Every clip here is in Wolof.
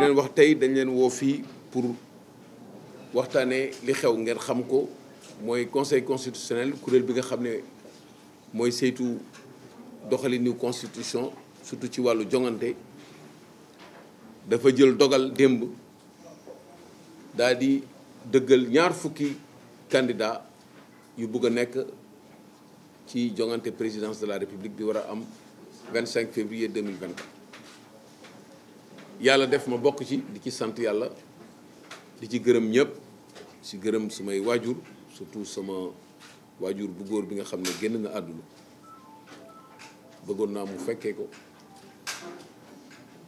di leen wax tey dañ leen woo fii pour waxtaanee li xew ngeen xam ko mooy conseil constitutionnel kuréel bi nga xam ne mooy saytu doxalinu constitution surtout ci wàllu jongante dafa jël dogal démb daal di dëggal ñaar fukki candidat yu bugg a nekk ci jongante présidence de la république bi war a am 25 février 2024 yàlla def ma bokk ci di ci sant yàlla di ci gërëm ñëpp si gërëm sumay waajur surtout sama waajur bu góor bi nga xam ne génn na àdduna bëggoon naa mu fekkee ko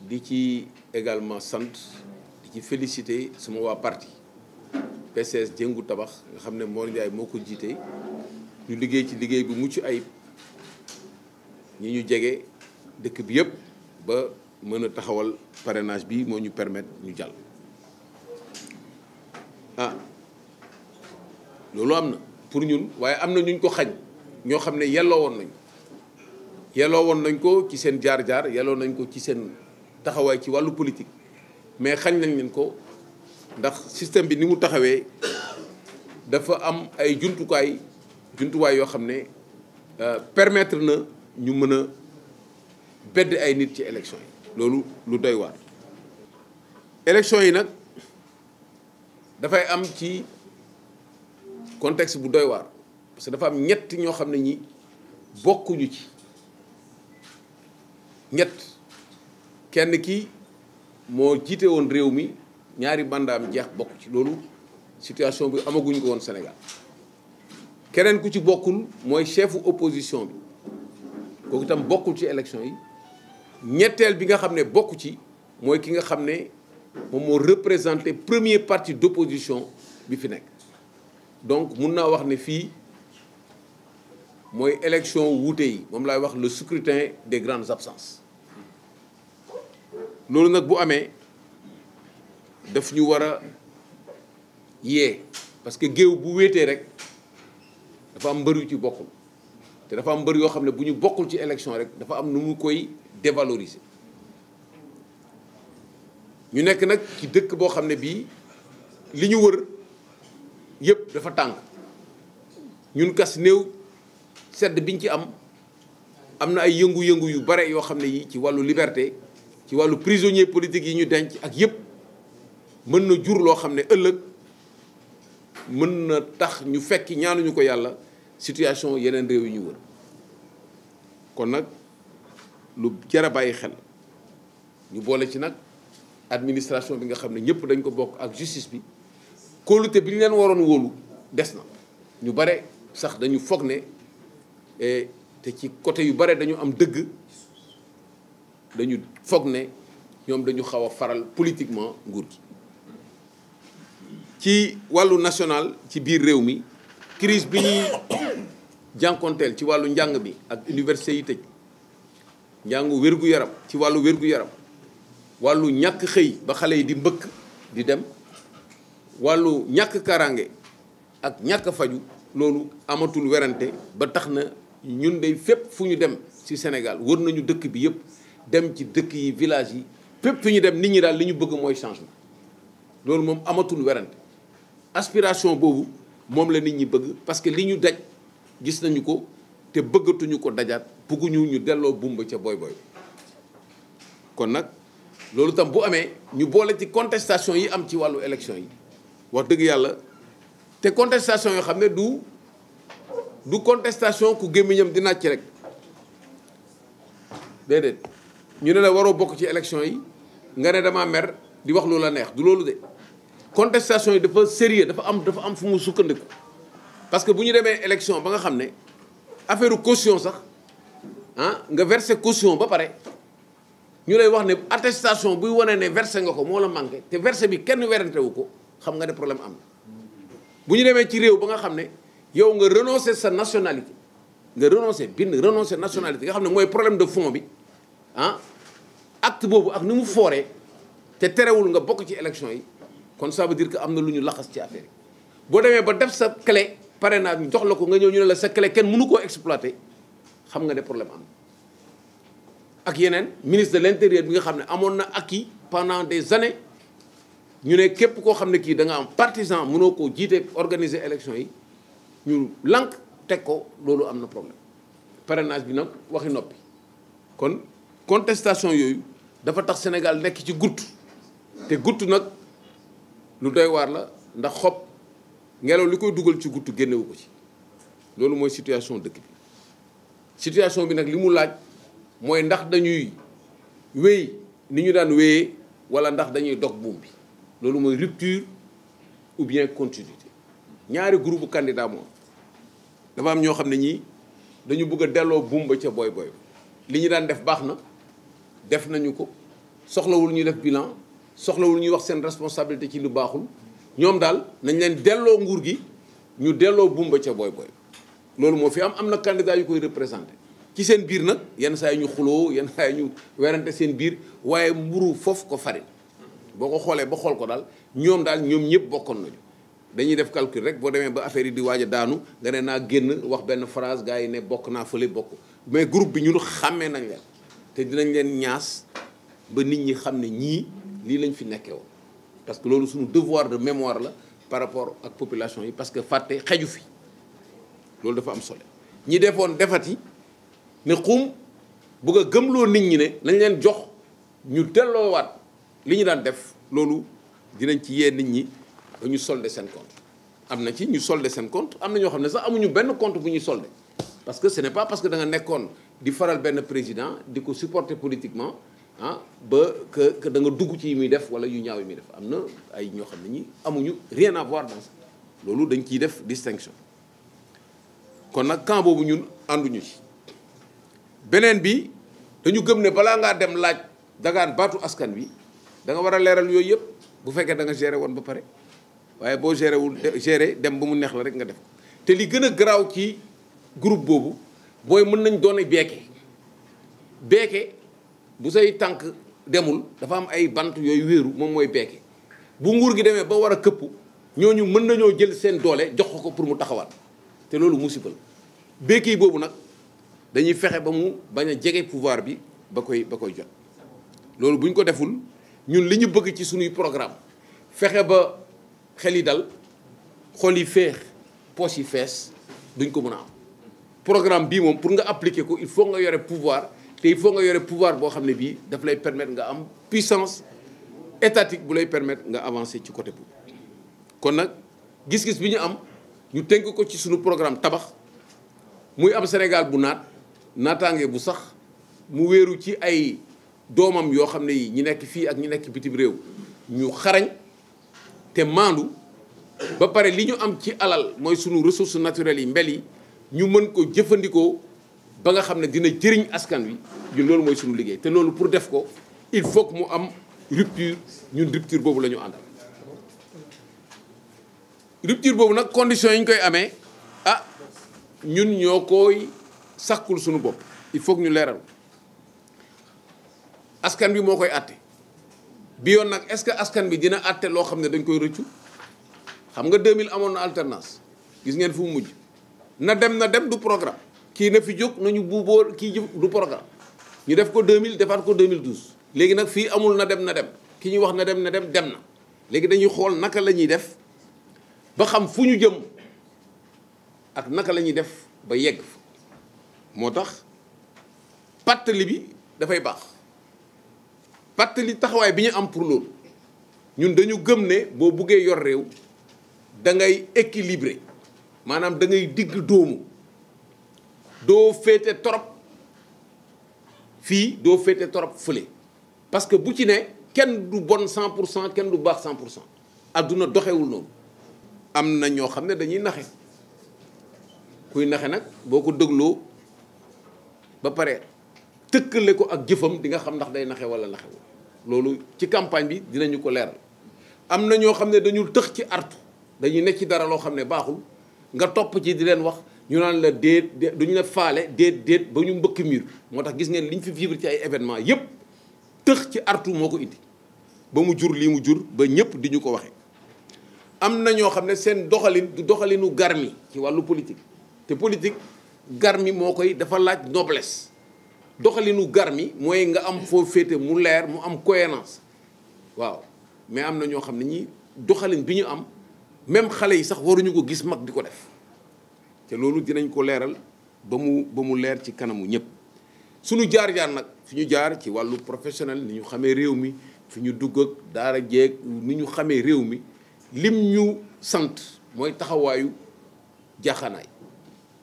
di ci également sant di ci félicité suma waa parti PCS jëngu tabax nga xam ne Mor jaay moo ko jiite ñu liggéey ci liggéey bu mucc ayib ñi ñu jege dëkk bi yëpp ba mën a taxawal parrainage bi moo ñu permettre ñu jàll ah loolu am na pour ñun waaye am na ñu ko xañ ñoo xam ne yelloo woon nañ yelloo woon nañ ko ci seen jaar-jaar yelloo nañ ko ci seen taxawaay ci wàllu politique mais xañ nañ leen ko ndax système bi ni mu taxawee dafa am ay jumtukaay jumtuwaay yoo xam ne euh, permettre na ñu mën a bedd ay nit ci élection yi loolu lu doy waar yi nag dafay am ci contexte bu doy waar parce que dafa am ñett ñoo xam ne ñi bokkuñu ci ñett kenn ki moo jiite woon réew mi ñaari bandaam jeex bokku ci loolu situation bi amaguñ ko woon Sénégal keneen ku ci bokkul mooy chefu opposition bi kooku tam bokkul ci élection yi ñetteel bi nga xam ne bokk ci mooy ki nga xam ne moom moo représenté premier parti d'opposition bi fi nekk donc mun naa wax ne fii mooy élection wuute yi moom laay wax le scrutin des grandes absences loolu nag bu amee daf ñu war a yee parce que géew bu wéetee rek dafa am mbër yu ci bokkul te dafa am mbër yoo xam ne bu ñu bokkul ci élection rek dafa am nu mu koy dévalorisé ñu nekk nag ci dëkk boo xam ne bii li ñu wër yëpp dafa tàng ñun kas néew sedd biñ ci am am na ay yëngu-yëngu yu bare yoo xam ne yi ci wàllu liberté ci wàllu prisonnier politique yi ñu denc ak yëpp mën na jur loo xam ne ëllëg mën na tax ñu fekki ñaanuñu ko yàlla situation yeneen réew yi ñu wër kon nag lu jar a bàyyi xel ñu boole ci nag administration bi nga xam ne ñëpp dañ ko bokk ak justice bi kóolute bi ñu leen waroon wóolu des na ñu bare sax dañu foog ne e, te ci côté yu bare dañu am dëgg dañu foog ne ñoom dañu xaw a faral politiquement nguur gi ci wàllu national ci biir réew mi crise bi ñuy jànkonteel ci wàllu njàng bi ak université yi tëj njàngu wér-gu-yaram ci wàllu wér-gu-yaram wàllu ñàkk xëy ba xale yi di mbëkk di dem wàllu ñàkk karange ak ñàkk faju loolu amatul werante ba tax na ñun de fépp fu ñu dem ci Sénégal wër nañu dëkk bi yépp dem ci dëkk yi village yi fépp fu ñu dem nit ñi daal li ñu bëgg mooy changement loolu moom amatul werante aspiration boobu moom la nit ñi bëgg parce que li ñu daj gis nañu ko te bëggatuñu ko dajaat bugguñu ñu delloo bumba ca booy booy kon nag loolu tam bu amee ñu boole ci contestation yi am ci wàllu élection yi wax dëgg yàlla te contestation yoo xam ne du du contestation ku gémmiñam di ci rek déedéet ñu ne la waroo bokk ci élection yi nga ne dama mer di wax lu la neex du loolu de contestation yi dafa sérieux dafa am dafa am fu mu sukkandiku parce que bu ñu demee élection ba nga xam ne affaire caution sax ah nga versé caution ba pare ñu lay wax ne attestation buy wane ne versé nga ko moo la manqué te verse bi kenn werante wu ko xam nga ne problème am na bu ñu demee ci réew ba nga xam ne yow nga renoncé sa nationalité nga renoncé bind renoncé nationalité nga xam ne mooy problème de fond bi ah acte boobu ak ni mu fooree te terewul nga bokk ci élection yi kon ça veut dire que am na lu ñu laxas ci affaire boo demee ba def sa clé parrainage ñu jox la ko nga ñëw ñu ne la sa clé kenn mënu koo exploité xam nga ne problème am ak yeneen ministre de l'intérieur bi nga xam ne amoon na ak acquis pendant des années ñu ne képp koo xam ne kii da nga am partisan mënoo koo jiite organiser élection yi ñu lànk teg ko loolu am na problème parrainage bi nag waxi noppi kon contestation yooyu dafa tax Sénégal nekk ci gutt te gutt nag lu doy waar la ndax xob ngelaw li koy dugal ci gutt génnewu ko ci loolu mooy situation dëkk bi situation bi nag li mu laaj mooy ndax dañuy wéy ni ñu daan wéyee wala ndax dañuy dog buum bi loolu mooy rupture ou bien continuité ñaari groupe candidat moom dafa am ñoo xam ne ñii dañu bëgg a delloo buum ba ca booy booy li ñu daan def baax na def nañu ko soxlawul ñuy def bilan soxlawul ñuy wax seen responsabilité ci lu baaxul ñoom daal nañ leen delloo nguur gi ñu delloo buum ba ca booy booy loolu moo fi am am na candidat yu koy représenté ci seen biir nag yenn saa yi ñu xuloo yenn saa yi ñu werante seen biir waaye mburu foofu ko farine boo ko xoolee ba xool ko daal ñoom daal ñoom ñëpp bokkoon nañu dañuy def calcul rek boo demee ba affaire yi di waaj a daanu nga ne naa génn wax benn phrase gars yi ne bokk naa fële bokk mais groupe bi ñun xàmmee nañ leen te dinañ leen ñaas ba nit ñi xam ne ñii lii lañ fi nekkee woon parce que loolu suñu devoir de mémoire la par rapport ak population yi parce que fàtte xeju fi loolu dafa am solo ñi defoon defati ne xum bëgg a loo nit ñi ne lañ leen jox ñu delloowaat li ñu daan def loolu dinañ ci yee nit ñi ba ñu solde seen compte am na ci ñu solde seen compte am na ñoo xam ne sax amuñu benn compte bu ñu solde parce que ce n'est pas parce que da nekkoon di faral benn président di ko supporter politiquement ah ba que que da nga dugg ci yi muy def wala yu ñaaw yi muy def am na ay ñoo xam ne ñi amuñu rien à voir loolu dañ ciy def distinction kon nag camp boobu ñun ànduñu ci beneen bi dañu gëm ne balaa ngaa dem laaj dagaan baatu askan wi da nga war a leeral yooyu yëpp bu fekkee da nga géré woon ba pare waaye boo géré wul dem ba mu neex la rek nga def ko te li gën a garaaw ci groupe boobu booy mën nañ doone beeke beeke bu say tànk demul dafa am ay bant yooyu wéeru moom mooy beeke bu nguur gi demee ba war a këpp ñooñu mën nañoo jël seen doole jox ko pour mu taxawaat te loolu musiba la béykat boobu nag dañuy fexe ba mu bañ a jege pouvoir bi ba koy ba koy jot loolu bu ñu ko deful ñun li ñu bëgg ci suñuy programme fexe ba xel yi dal xol yi feex poche yi fees duñ ko mën a am programme bii moom pour nga appliquer ko il faut nga yore pouvoir te il faut nga yore pouvoir boo xam ne bii daf lay permettre nga am puissance étatique bu lay permettre nga avancer ci côté boobu kon nag gis-gis bi ñu am ñu tenk ko ci suñu programme tabax muy am Sénégal bu naat naataange bu sax mu wéeru ci ay doomam yoo xam ne yi ñi nekk fii ak ñi nekk bitim réew ñu xarañ te maandu ba pare li ñu am ci alal mooy suñu ressources naturelles yi mbel yi ñu mën ko jëfandikoo ba nga xam ne dina jëriñ askan wi ñun loolu mooy suñu liggéey te loolu pour def ko il faut que mu am rupture ñun rupture boobu la ñu àndal rupture boobu nag conditions yi ñu koy amee ah ñun ñoo koy sàkkul suñu bopp il faut ñu leeral askan bi moo koy àtte bi yoon nag est-ce que askan bi dina àtte loo xam ne dañ koy rëccu xam nga 2000 amoon na alternance gis ngeen fu mu mujj na dem na dem du programme kii na fi jóg nañu buuboo kii du programme ñu def ko 2000 defaat ko 2012 léegi nag fii amul na dem na dem ki ñuy wax na dem na dem dem na léegi dañuy xool naka la ñuy def ba xam fu ñu jëm ak naka la ñuy def ba yegg fa moo tax pàttali bi dafay baax pàttali taxawaay bi ñu am pour loolu ñun dañu gëm ne boo buggee yor réew da ngay équilibré maanaam da ngay digg doomu doo féete torop fii doo féete torop fële parce que bu ci ne kenn du bon cent pour cent kenn du baax cent pour cent adduna doxewul noonu am na ñoo xam ne dañuy naxe kuy naxe nag boo ko dégloo ba pare tëkkale ko ak jëfam di nga xam ndax day naxe wala naxe loolu ci campagne bi dinañu ko leeral am na ñoo xam ne dañu tëx ci artu dañuy nekk ci dara loo xam ne baaxul nga topp ci di leen wax ñu naan la déet duñu la faale déet déet ba ñu mbëkk mur moo tax gis ngeen liñ fi vivre ci ay événement yépp tëx ci artu moo ko indi ba mu jur lii mu jur ba ñëpp di ñu ko waxe am na ñoo xam ne seen doxalin du doxalinu garmi ci wàllu politique te politique garmi moo koy dafa laaj noblesse doxalinu garmi mooy nga am foo féete mu leer mu am cohérence waaw mais am na ñoo xam ne ñi doxalin bi ñu am même xale yi sax waruñu ko gis mag di ko def te loolu dinañ ko leeral ba mu ba mu leer ci kanamu ñëpp suñu jaar-jaar nag fi ñu jaar ci wàllu professionnel ni ñu xamee réew mi fi ñu dugg ak daara jeeg ni ñu xamee réew mi lim ñu sant mooy taxawaayu jaaxaanaay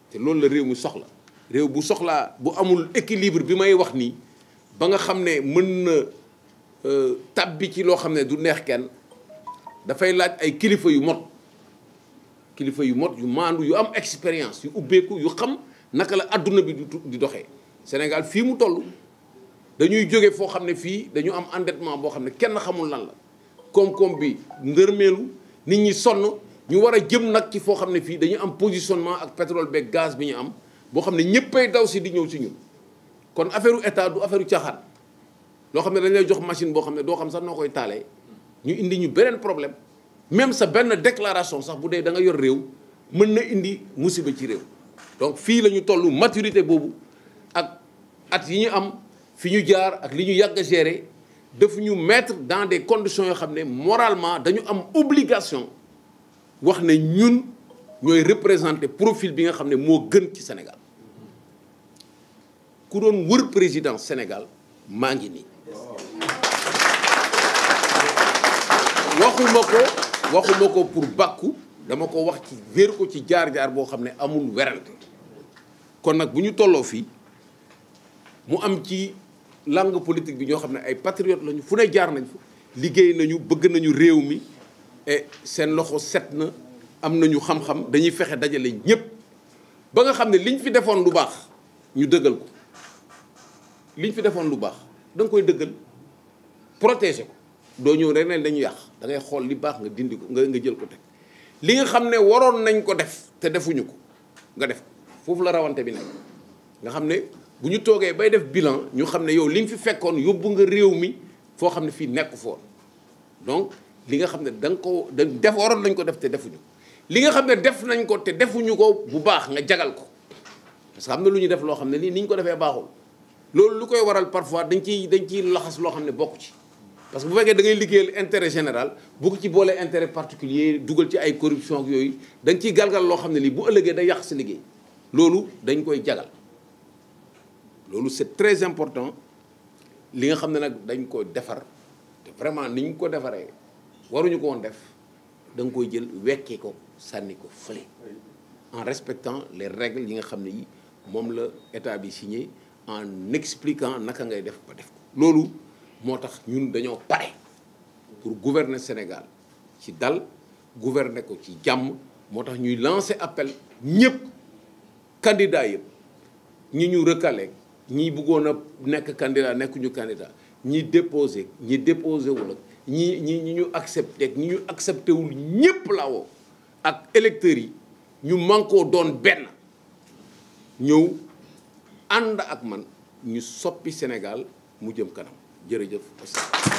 te loolu la réew mi soxla réew bu soxlaa bu amul équilibre bi may wax nii ba nga xam ne mën na euh, tàbbi ci loo xam ne du neex kenn dafay laaj ay kilifa yu mot kilifa yu mot yu maandu yu am expérience yu ubbeeku yu xam naka la àdduna bi di doxee Sénégal fii mu toll dañuy jóge foo xam ne fii dañu am endettement boo xam ne kenn xamul lan la koom-koom bi ndërmeelu nit ñi sonn ñu war a jëm nag ci foo xam ne fii dañu am positionnement ak pétrole beeg gaz bi ñu am boo xam ne ñëppay daw si di ñëw si ñu kon affaire état du affaire caaxaan loo xam ne dañ lay jox machine boo xam ne doo xam sax noo koy taalee ñu indi ñu beneen problème même sa benn déclaration sax bu dee da nga yor réew mën na indi musiba ci réew donc fii la ñu toll maturité boobu ak at yi ñu am fi ñu jaar ak li ñu yàgg a gérer dafa ñu mettre dans des conditions yoo xam ne moralement dañu am obligation wax ne ñun ñooy représenter profil bi nga xam ne moo gën ci Sénégal ku doon wër président Sénégal maa ngi nii. waxuma ko waxuma ko pour bakku dama ko wax ci wéer ko ci jaar-jaar boo xam ne amul werante kon nag bu ñu tolloo fii mu am ci. langue politique bi ñoo xam ne ay patriotes lañu fu ne jaar nañ fa liggéey nañu bëgg nañu réew mi seen loxo set na am nañu xam-xam dañuy fexe dajale ñëpp ba nga xam ne liñ fi defoon lu baax ñu dëggal ko liñ fi defoon lu baax danga koy dëggal protéger ko doo ñëw rek ne dañu yàq da ngay xool li baax nga dindi ko nga nga jël ko teg li nga xam ne waroon nañ ko def te defuñu ko nga def foofu la rawante bi nekk nga xam ne bu ñu toogee bay def bilan ñu xam ne yow li nga fi fekkoon yóbbu nga réew mi foo xam ne fii nekk foon donc li nga xam ne da nga ko da def waroon nañ ko def te defuñu li nga xam ne def nañ ko te defuñu ko bu baax nga jagal ko parce que am na lu ñu def loo xam ne nii ni ñu ko defee baaxul loolu lu koy waral parfois dañ ciy dañ ciy laxas loo xam ne bokk ci parce que bu fekkee dangay ngay liggéeyal intérêt général bu ko ci boolee intérêt particulier dugal ci ay corruption ak yooyu dañ ciy galgal loo xam ne lii bu ëllëgee day yàq sa liggéey loolu dañ koy jagal loolu c'est très important li nga xam ne nag dañ ko defar te vraiment niñ ko defaree waruñu koon def da nga koy jël wekkee ko sànni ko fële en respectant les règles yi nga xam ne yi moom la état bi signé en expliquant naka ngay def ba def ko loolu moo tax ñun dañoo pare pour gouverner Sénégal ci dal gouverner ko ci jàmm moo tax ñuy lancer appel ñëpp candidat yëpp ñi ñu recalé ñi buggoon a nekk candidat nekkuñu candidat ñi déposé ñi déposé wul ak ñi ñi ñi ñu accepté ak ñi ñu accepté wul ñëpp la ak électeurs yi ñu mànkoo doon benn ñëw ànd ak man ñu soppi Sénégal mu jëm kanam jërëjëf.